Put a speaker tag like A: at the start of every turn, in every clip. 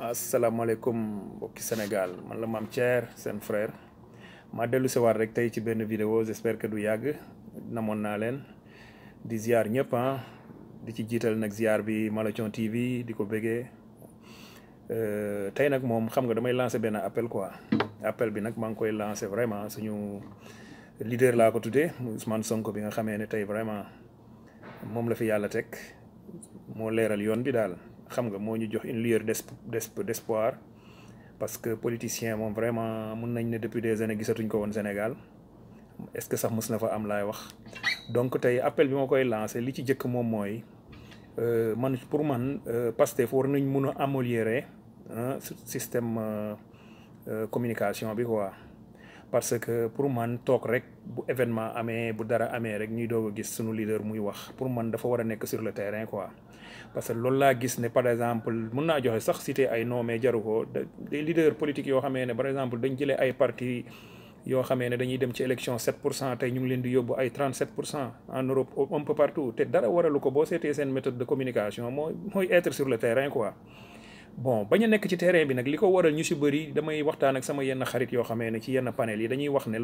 A: alaykum bokki Sénégal man la mam Thier sen frère ma dellu si waat rek tay ci benn vidéo j'espère que du yàgg namoon na len di ziar ñep hein ah. di ci jital nak ziar bi Malathion TV Diko ko euh tay nak mom xam nga damay lancer appel quoi appel bi nak mang koy lancer vraiment suñu leader lako ko tuddee Ousmane Sonko bi nga xamé né tay vraiment mom la fi yalla tek mo léral yoon bi dal xam nga moo ñu jox une lueur d'espoir parce que politicien moom vraiment mun nañ ne depuis des années gisatuñ ko woon Sénégal est-ce que sax mës na fa am laay wax donc tey appel bi ma koy lancé li ci jëkk moom mooy euh, man pour man euh, Pastef war nañ mun a améliorer hein, système euh, communication bi quoi parce que pour man toog rek bu événement amee bu dara amee rek ñuy doog a gis sunu leader muy wax pour man dafa war a nekk sur le terrain quoi parce que loolu laa gis ne par exemple mën naa joxe sax cité ay nom mais jaru ko des yoo xamee ne par exemple dañ jëlee ay parti yoo xamee ne dañuy dem ci élection 7 pour cent tey ñu ngi leen di yóbbu ay 37 pour cent en Europe un peu partout te dara waralu ko boo seetee seen méthode de communication mooy mooy le terrain quoi bon baña nek ci terrain bi nak liko ko waral ñu ci bëri damay waxtaan ak sama yenn xarit yo xamé ne ci yenn panel yi dañuy wax ne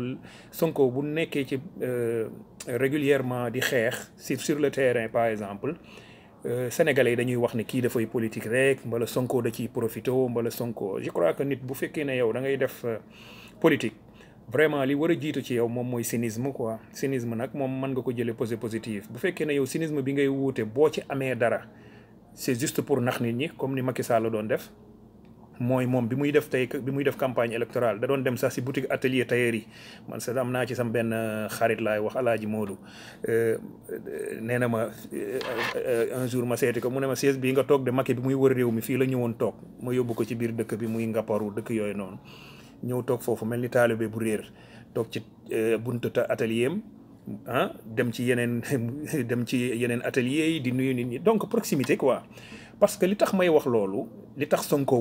A: Sonko bu nekké ci euh, régulièrement di xex si sur le terrain par exemple euh, sénégalais dañuy wax ne ki dafay politique rek mbala Sonko da ci profito mbala Sonko je crois que nit bu fekkee ne yow da ngay def euh, politique vraiment li wara jitu ci yow mom moy cynisme quoi cynisme nak mom man nga ko jëlé positif bu fekkee ne yow cynisme bi ngay wouté bo ci amé dara c'est juste pour nax nit ñi comme ni Macky Sall doon def mooy moom bi muy def tey bi muy def campagne électorale da doon dem sax si boutique atelier tailleur man sax am naa ci sam benn euh, xarit laay wax alaaji Moodu euh, euh, nee na ma un jour ma seeti ko mu ne ma siège bii nga toog de Macky bi muy wër réew mi fii la ñëwoon toog ma yóbbu ko ci biir dëkk bi muy ngapparu dëkk yooyu noonu ñëw toog foofu mel ni be bu réer toog ci buntu atelier am ah dem ci yenen dem donc proximité quoi parce que li tax may wax lolu li tax Sonko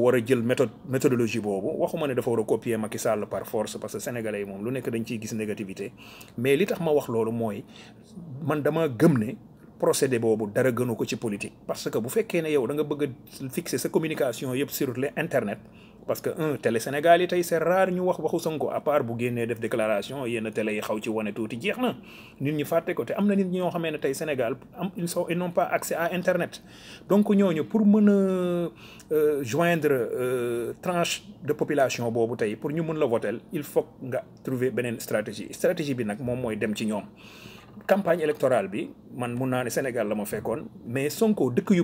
A: méthodologie copier par force parce que sénégalais ne lu nek négativité mais li tax ma wax lolu moy man dama gëm procédé bobu dara gënu ko ci politique parce que bu vous né yow fixer sa communication sur Internet, parce que un télé Sénégal c'est rare ñu wax waxu à part bu déclaration déclarations télé yi xaw ci Sénégal ils n'ont pas accès à internet donc pour euh, joindre une euh, joindre tranche de population pour ñu la voter il faut trouver une stratégie stratégie bi nak campagne électorale bi man Sénégal la mais Sonko dëkk yu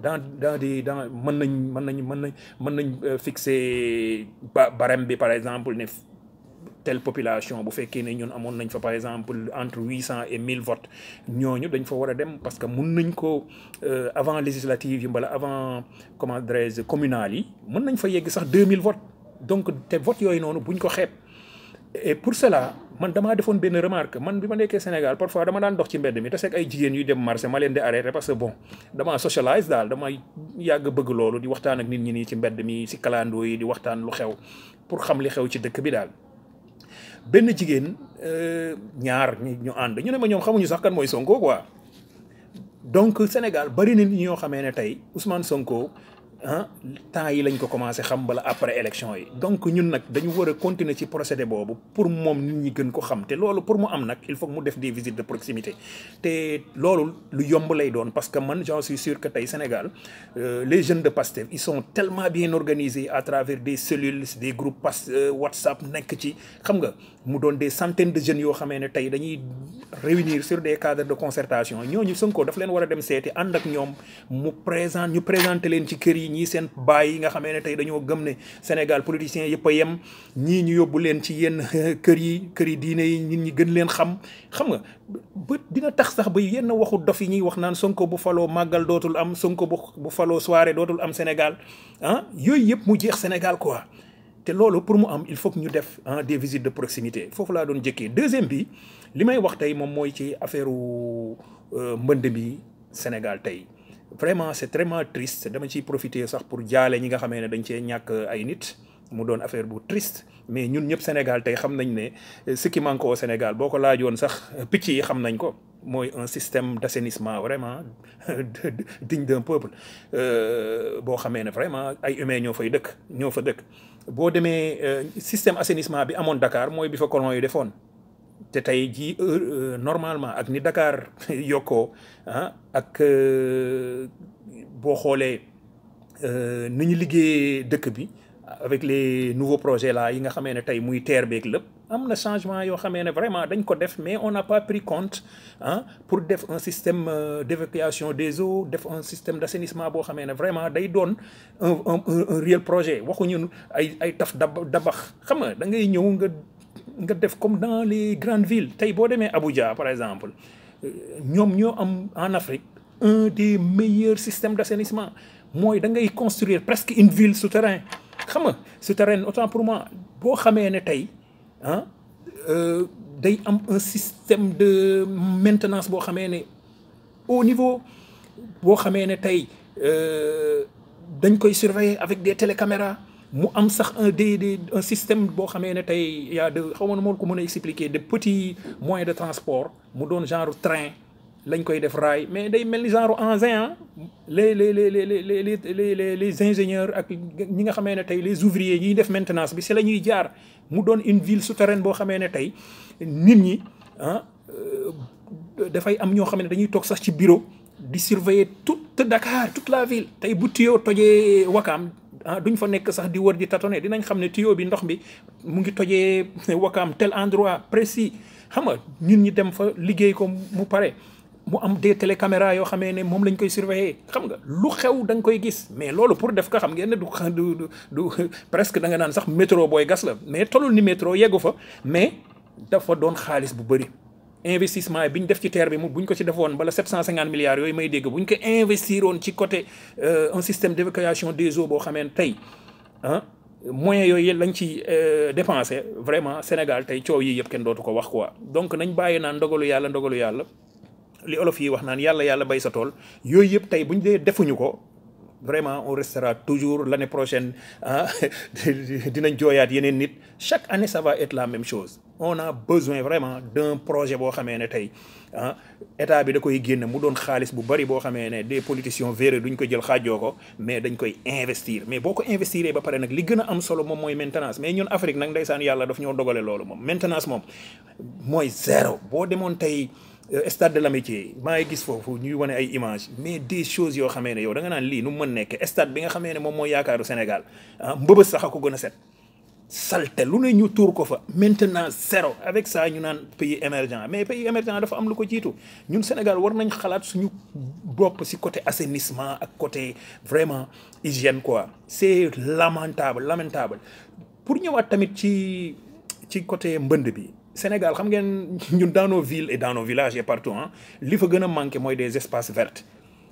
A: dans dans des dans mën nañ mën nañ euh, fixer barème bi par exemple ne telle population bu fekké né ñun amon nañ fa par exemple entre 800 et 1000 votes ñoñu dañ fa wara dem parce que mun nañ ko euh, avant législative yi mbala avant comment dirais-je communal yi mën nañ fa yegg sax 2000 votes donc te votes yooyu noonu buñ ko xeeb et pour cela man damaa defoon benn remarque man bi ma nekkee Sénégal parfois dama daan dox ci mbedd mi te seeg ay jigéen yuy dem marché ma leen di arrêté parce que bon damaa socialise daal dama yàgg bëgg loolu di waxtaan ak nit ñi nii ci mbedd mi si kalandoo yi di waxtaan lu xew pour xam li xew ci dëkk bi daal. benn jigéen euh, ñaar ñu ànd ñu ne ma ñoom xamuñu sax kan mooy Sonko quoi donc Sénégal bari na nit ñoo xamee ne tey Ousmane Sonko. hein temps yi lañ ko commencé xam bala après élection yi donc ñun nak dañu wara continuer ci procédé bobu pour mom nit ñi gën ko xam té loolu pour mu am il faut que mu def des visites de proximité té loolu lu yomb lay doon parce que man j'en suis sûr que tay Sénégal euh, les jeunes de Pastef ils sont tellement bien organisés à travers des cellules des groupes euh, WhatsApp nek ci xam nga mu doon des centaines de jeunes qui xamé réunissent dañuy réunir sur des cadres de concertation nous, Sonko daf leen wara dem seeti ànd ak mu présent ñu présenter leen ci yi ñii seen baay yi nga xamee ne tey dañoo gëm ne Sénégal politiciens yëpp a yem ñii ñu yóbbu leen ci yenn euh, kër yi kër yi diine yi nit ñi gën leen xam xam nga ba dina tax sax ba yenn waxu dof yi ñuy wax naan Sonko bu faloo màggal dootul am Sonko bu bu faloo soirée dootul am Sénégal ah yooyu yëpp mu jeex Sénégal quoi te loolu pour mu am il faut que ñu def ah des visites de proximité foofu laa doon jëkkee deuxième bi li may wax tey moom mooy ci affaire euh, mbënd bi Sénégal tey vraiment c' est vraiment triste dama ciy profiter sax pour jaale ñi nga xame ne dañ cee ñàkk ay nit mu doon affaire bu triste mais ñun ñëpp Sénégal tey xam nañ ne ce qui Sénégal boo ko laajoon sax picc yi xam nañ ko mooy un système d' assainissement vraiment digne d'un peuple euh, boo xamee ne vraiment ay humains ñoo fay dëkk ñoo fa dëkk boo demee euh, système assainissement bi amoon Dakar mooy bi fa colon yi defoon té tay ji normalement ak ni Dakar yoko hein ah, ak bo xolé euh, euh niñu liggé dëkk bi avec les nouveaux projets là yi nga xamé né tay muy terre beeg lépp amna changement yo xamé né vraiment dañ ko def mais on n'a pas pris compte hein pour def un système euh, d'évacuation des eaux def un système d'assainissement bo xamé né vraiment day doon un un un réel projet waxuñu ay ay taf daba dabax xam nga da ngay ñëw nga comme dans les grandes villes tay Abuja par exemple euh, ñom en Afrique un des meilleurs systèmes d'assainissement moy da construire presque une ville souterrain xam souterrain autant pour moi si né ne hein? un système de maintenance bo xamé au niveau xamé né tay euh dañ koy surveiller avec des télécaméras mu am sax un des des un système boo xamee ne tey y a de xaw ma ko mën a expliquer de petits moyens de transport mu doon genre train lañ koy def raay mais day mel ni genre engin hein. les les les les les les les ingénieurs ak ñi nga xamee ne tey les ouvriers ñiy def maintenance bi si la ñuy jaar mu doon une ville souterraine boo xamee ne tey nit ñi ah dafay am ñoo xam ne dañuy toog sax ci bureau di surveiller toute Dakar toute la ville tey bu tuyoo tojee wakam ah duñ fa nekk sax di wër di tâtonner dinañ xam ne tuyau bi ndox mi mu ngi tojee wakaam tel endroit précis xam nga ñun ñi dem fa liggéey ko mu pare mu am des télécaméras yoo xamee ne moom lañ koy surveiller xam nga lu xew danga koy gis mais loolu pour def ko xam ngeen ne du du du presque da nga naan sax métro booy gas la mais tolul ni métro yeggu fa mais dafa doon xaalis bu bëri. investissement def ci terre bi 750 milliards yoy may dégg buñ ko ci côté euh, un système d'évacuation des eaux bo hein, moyens yoy lañ ci euh, dépensé vraiment Sénégal ko quoi donc nañ li olof yi wax bay sa vraiment on restera toujours l'année prochaine hein, chaque année ça va être la même chose on a besoin vraiment d'un projet bo xamee tay tey ah, état bi da koy génn mu don xaalis bu bari bo xamee des politiciens véreux duñ ko jël xaajoo mais dañ koy investir mais boko investiré ba paré nak li gëna am solo mom moy maintenance mais ñun Afrique nak ndeysaan yalla daf ñoo dogalé lolu mom maintenance mom moy zéro bo demoon tay euh, stade de l'amitié maa gis fofu ñuy wone ay images mais des choses yo xamee yow da nga nan li nu mën nekk stade bi nga xamee mom moy yaakaaru Sénégal ah mbëbës sax ko gën set salte lu ne ñu tour ko fa maintenant zéro avec ça ñu naan pays émergent mais pays émergent dafa am lu ko jiitu ñun Sénégal war nañ xalaat suñu bopp ci côté assainissement ak côté vraiment hygiène quoi c'est lamentable lamentable pour ñëwaat tamit ci ci côté mbënd bi Sénégal xam ngeen ñun dans nos villes et dans nos villages et partout hein li fa nous manquer manqué des espaces verts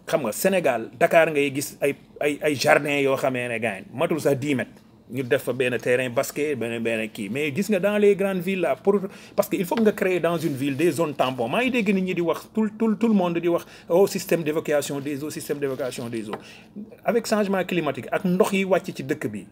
A: xam nga Sénégal Dakar ngay gis ay ay ay jardins yoo xamee ne matul sax 10 mètres ñu def faire un terrain basket ben ben qui mais gis dans les grandes villes là parce qu'il il faut nga créer dans une ville des zones tampons mais dégg que tout le monde dit, wax au oh, système d'évocation des eaux système d'évocation des eaux avec changement climatique ak nous yi wàcc ci dëkk bi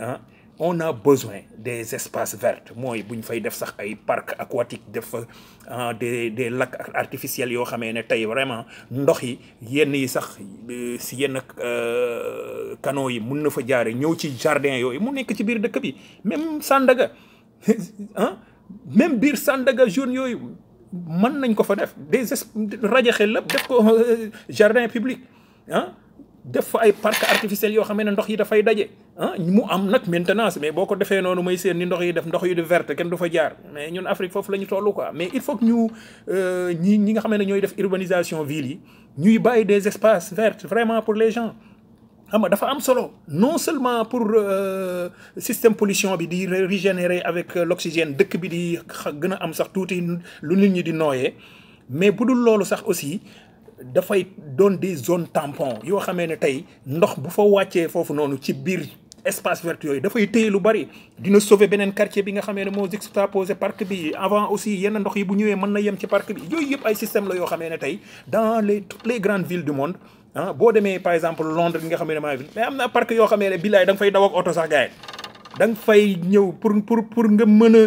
A: ah, on a besoin des espaces verts mooy bu ñu fay def sax ay parc aquatique def fa ah, des des lacs artificiels yoo xamee ne tey vraiment ndox yi yenn yi sax euh, si yenn euh, canaux yi mun na fa jaare ñëw ci jardin yooyu mu nekk ci biir dëkk bi même Sandaga hein? même biir Sandaga zone yooyu mën nañ ko fa def des rajaxe lépp def ko euh, jardin public ah def fa ay parc artificiel yoo xam ne ndox yi dafay daje ah mu am nag maintenance mais boo ko defee noonu may seen ni ndox yi def ndox yi di verte kenn du fa jaar mais ñun Afrique foofu la ñu toll quoi mais il faut que ñu euh, ñi ñi nga xam ne ñooy def urbanisation ville yi ñuy bàyyi des espaces verts vraiment pour les gens xam dafa am solo non seulement pour euh, système pollution bi di régénérer avec euh, l'oxygène dëkk bi di gën a am sax tuuti lu nit ñi di nooyee mais bu dul loolu sax aussi dafay don des zones tampon yo xamé né tay ndox bu fa waccé fofu nonu ci bir espace vert yooyu dafay téye lu bari dina sauver benen quartier bi nga xamé ne moo juxtaposé parc bi avant aussi yenn ndox yi bu ñëwé mëna yëm ci parc bi yoy yëpp ay système la yo xamé né tay dans les toutes les grandes villes du monde ah boo demee par exemple Londres bi nga xamee ma ville. mais amna parc yoo xamee ne billaay da nga fay daw ak auto sax gaay da nga fay ñëw pour pour pour nga mëna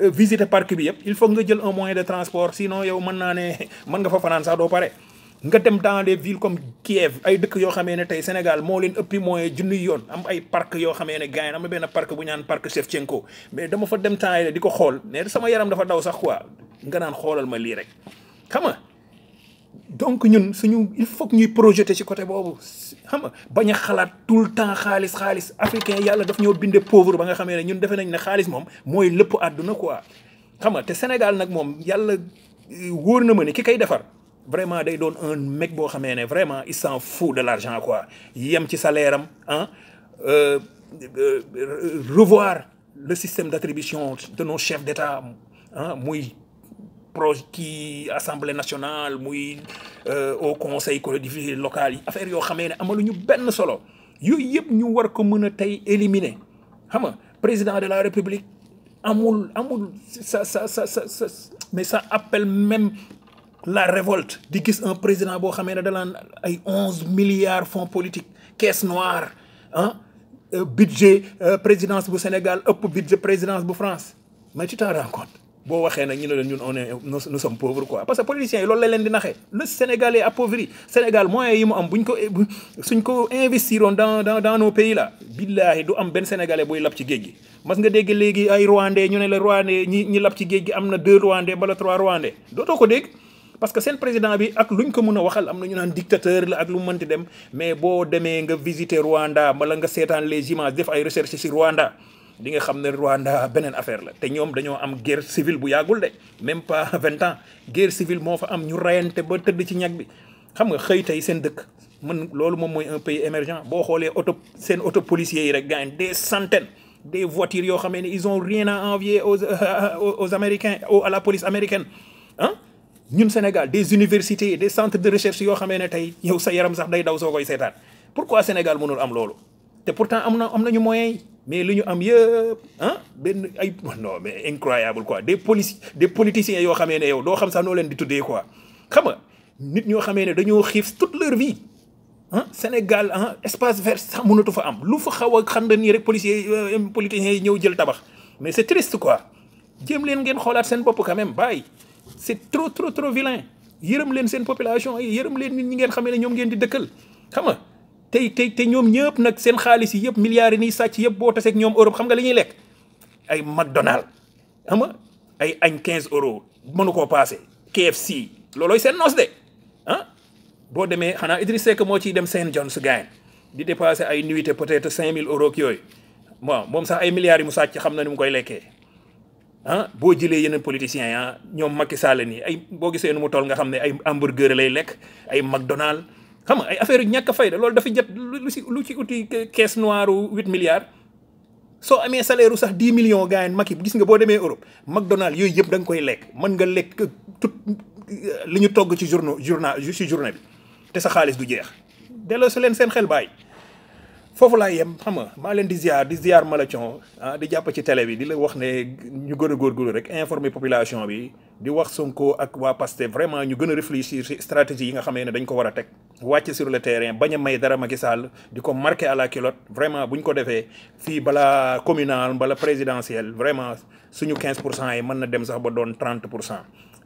A: euh, visiter parc bi yëpp il faut nga jël un moyen de transport sinon yow mëna né ne mën nga fa fanaan sax do paré nga dem dans les villes comme Kiev ay dëkk yoo xamee ne tey Sénégal moo leen ëppi mooy junniy yoon am ay parc yoo xamee ne gars yi am na benn parc bu ñaan parc Shevchenko mais dama fa dem temps yii di ko xool mais sama yaram dafa daw sax quoi nga naan xoolal ma lii rek xam donc ñun suñu il faut ñuy projeté ci côté boobu xam nga bañ a xalaat tout le temps xaalis xaalis africain yàlla daf ñoo binde pauvre ba nga xamee ne ñun defe nañ ne xaalis moom mooy lépp àdduna quoi xam nga te Sénégal nag moom yàlla eh, wóor na ma ne ki koy defar vraiment ils donnent un mec qui Khamenei, vraiment il s'en fout de l'argent quoi yem ci salaire hein. salaire. Euh, euh, revoir le système d'attribution de nos chefs d'État hein. muy a qui assemblée nationale muy euh, au conseil collectif local. affaire yoo xamee ne ñu ben solo yoy yeb ñu war ko a éliminer xam président de la république amul amul ça ça ça ça mais ça appelle même la révolte di gis un président bo xamé ne danaan ay milliards fonds politiques caisse noire hein euh, budget euh, présidence du Sénégal budget présidence bu France mais tu t'en rends compte Si waxé nak ñu ñun on nous sommes pauvres quoi parce que politiciens lool loolu la leen di naxé le Sénégalais appauvri Sénégal moyen yi mu am buñ ko suñ ko dans dans dans nos pays là billahi du am ben Sénégalais boy lab ci géej Mais mas nga dégg légui ay Rwandais ñu ne la Rwandais ñi ñi lab ci géej amna deux Rwandais bala trois Rwandais doto ko dégg parce que sen président bi ak luñ ko mëna waxal amna ñu nan dictateur la ak lu mënti dem mais bo démé nga visiter Rwanda mala nga seetaan les images def ay recherches sur Rwanda di nga xamné Rwanda benen affaire la té ñom dañoo am guerre civile bu yagul dé même pas 20 ans guerre civile mo fa am ñu rayanté ba tëdd ci ñak bi xam nga xey tay sen dëkk mën loolu mom moy un pays émergent bo xolé auto sen auto policier yi rek gaañ des centaines des voitures yo xamné ils ont rien à envier aux aux américains à la police américaine hein ñun Sénégal des universités des centres de recherche yo xamee ne tey yow sa yaram sax day daw sokoy koy pourquoi Sénégal mënul am lolu te pourtant amna amna ñu moyens mais li ñu am yeup hein ah, ben ay non mais incroyable quoi des polici des politiciens yo xamee ne yow do xam sax no leen di tuddé quoi xam nga nit ñoo xamee ne dañoo xif toute leur vie hein Sénégal hein, espace vert sax mënatu fa am lu fa xaw ak xam ni rek policiers euh, politiciens ñew jël tabax mais c'est triste quoi jéem leen ngeen xolaat seen bopp quand même Bye c'est trop trop trop vilain yeureum leen sen population yeureum yërëm leen nit ñi ngeen xamé ñom ngeen di dëkkal xam nga tay tay te ñom ñëpp nak sen xaalis yi yëpp milliards ni sacc sàcc yëpp boo taseeg ñoom Europe xam nga li ñuy lekk ay McDonald xam nga ay añ 15 euros mënu ko passé KFC loloy sen nos dé ah bo démé xana Idriss Seck mo ci dem Saint John's Gain di dépasser ay nuité peut-être 5000 euros ak yooyu bon sax ay milliards yi mu sacc xam na ni mu koy lekkee ah boo jëlee yeneen politiciens ya ah, ñoom Macky Sall nii ay boo gisee nu mu toll nga xam ne ay hamburger lay lekk ay McDonald xam ay affaire yu fay fayda loolu dafa jot lu si lu ci uti caisse noire huit milliards soo amee salaire sax dix millions gars yi gis nga boo demee Europe McDonald yooyu yëpp danga koy lekk mën nga lekk tout li ñu togg ci journaux journal ci journée bi te sa xaalis du jeex delloo si leen seen xel bàyyi fofu laa yem xam nga maa leen di ziar di ziar malation ah di jàpp ci télé bi di la wax ne ñu gën a góorgóorlu rek informer population bi di wax Sonko ak waa Pastef vraiment ñu gën a réfléchir ci stratégie yi nga xam ne dañ ko war a teg wàcc sur le terrain bañ a may dara Macky Sall di ko marqué à la culotte vraiment buñ ko defee fii bala communal bala présidentiel vraiment suñu 15 pour cent yi mën na dem sax ba doon 30 pour cent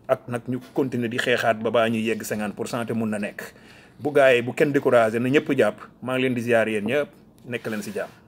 A: ak nag ñu continuer di xeexaat ba baa ñuy yegg 50 pour cent te mun na nekk bu gars yi bu kenn découragé na ñëpp jàpp maa ngi leen di ziar yéen ñëpp. Necklace y ya.